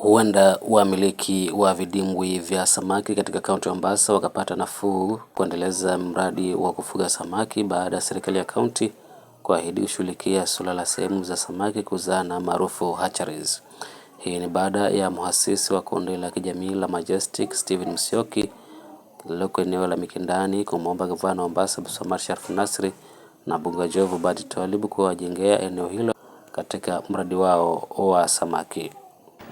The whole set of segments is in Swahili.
huenda wamiliki wa vidimbwi vya samaki katika kaunti ya Mombasa wakapata nafuu kuendeleza mradi wa kufuga samaki baada ya serikali ya kaunti kuahidi kushughulikia suala la sehemu za samaki kuzaana maarufu hatcheries. Hii ni baada ya mhasisi wa kundi la kijamii la Majestic Steven msioki lililoko eneo la Mikindani kumwomba gavana wa Mombasa Abdulswamad Sharif Nasri na bunge Jomvu Badi Twalib kuwajengea eneo hilo katika mradi wao wa samaki.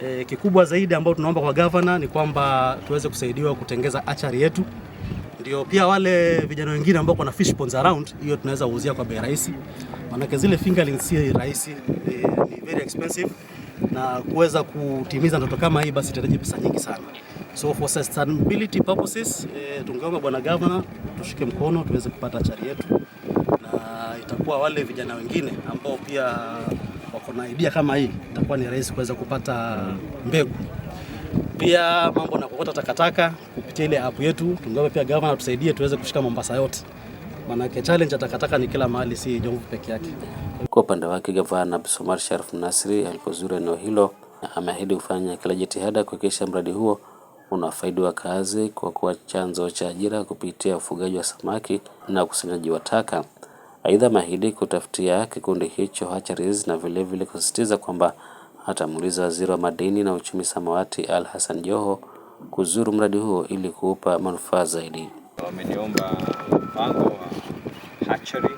E, kikubwa zaidi ambao tunaomba kwa gavana ni kwamba tuweze kusaidiwa kutengeza achari yetu, ndio pia wale vijana wengine ambao kuna fish ponds around, hiyo tunaweza uuzia kwa bei rahisi, maanake zile fingerlings si rahisi, e, ni very expensive na kuweza kutimiza ndoto kama hii basi itahitaji pesa nyingi sana. So for sustainability purposes e, tungeomba bwana gavana tushike mkono tuweze kupata achari yetu, na itakuwa wale vijana wengine ambao pia wako na idea kama hii, itakuwa ni rahisi kuweza kupata mbegu. Pia mambo na kuokota takataka kupitia ile app yetu, tungeomba pia gavana tusaidie tuweze kushika Mombasa yote, maanake challenge ya takataka ni kila mahali, si Jomvu peke yake. Kwa upande wake, gavana Abdulsomad Sharif Nasri alipozuru eneo hilo ameahidi kufanya kila jitihada kuhakikisha mradi huo unafaidi wakazi kwa kuwa chanzo cha ajira kupitia ufugaji wa samaki na ukusanyaji wa taka. Aidha Mahidi kutafutia kikundi hicho Hatcharies na vile vile kusisitiza kwamba atamuuliza waziri wa madini na uchumi samawati Al Hassan Joho kuzuru mradi huo ili kuupa manufaa zaidi. Wameniomba mpango wa hatchery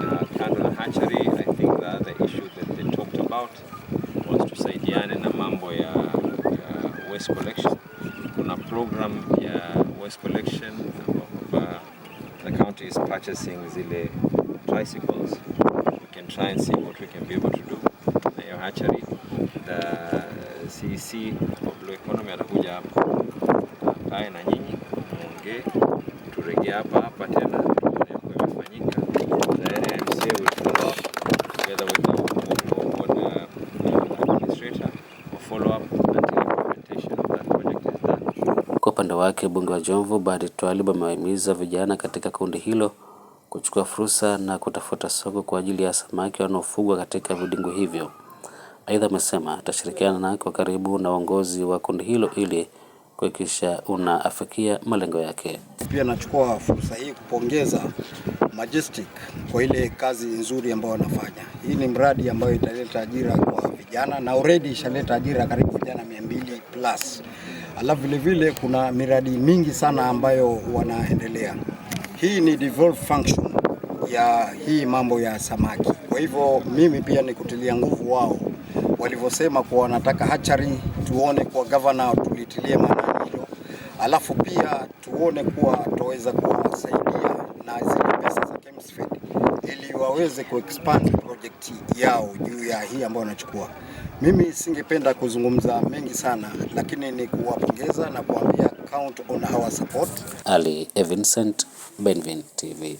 na kando na hatchery, I think that the issue that they talked about was tusaidiane na mambo ya, ya waste collection. Kuna program ya waste collection ambapo the county is purchasing zile tricycles, we can try and see what we can be able to do na hiyo hatchery. The CEC e of Blue Economy atakuja hapa akae na nyinyi, muongee, turejee hapa hapa tena together with Kwa upande wake, mbunge wa Jomvu Badi Twalib amewahimiza vijana katika kundi hilo kuchukua fursa na kutafuta soko kwa ajili ya samaki wanaofugwa katika vidingo hivyo. Aidha amesema atashirikiana kwa karibu na uongozi wa kundi hilo ili kuhakikisha unaafikia malengo yake. Pia nachukua fursa hii kupongeza Majestic kwa ile kazi nzuri ambayo wanafanya. Hii ni mradi ambayo italeta ajira kwa vijana na already ishaleta ajira karibu vijana mia mbili plus. Alafu vilevile kuna miradi mingi sana ambayo wanaendelea. Hii ni devolve function ya hii mambo ya samaki. Kwa hivyo mimi pia ni kutilia nguvu wao walivyosema kuwa wanataka hatchery, tuone kwa gavana tulitilie maana hilo, alafu pia tuone kuwa tutaweza kuwasaidia na zile pesa za Chemsfed ili waweze kuexpand project yao juu ya hii ambayo wanachukua. Mimi singependa kuzungumza mengi sana, lakini ni kuwapongeza na kuambia count on our support. Ali Evincent, Benvin TV.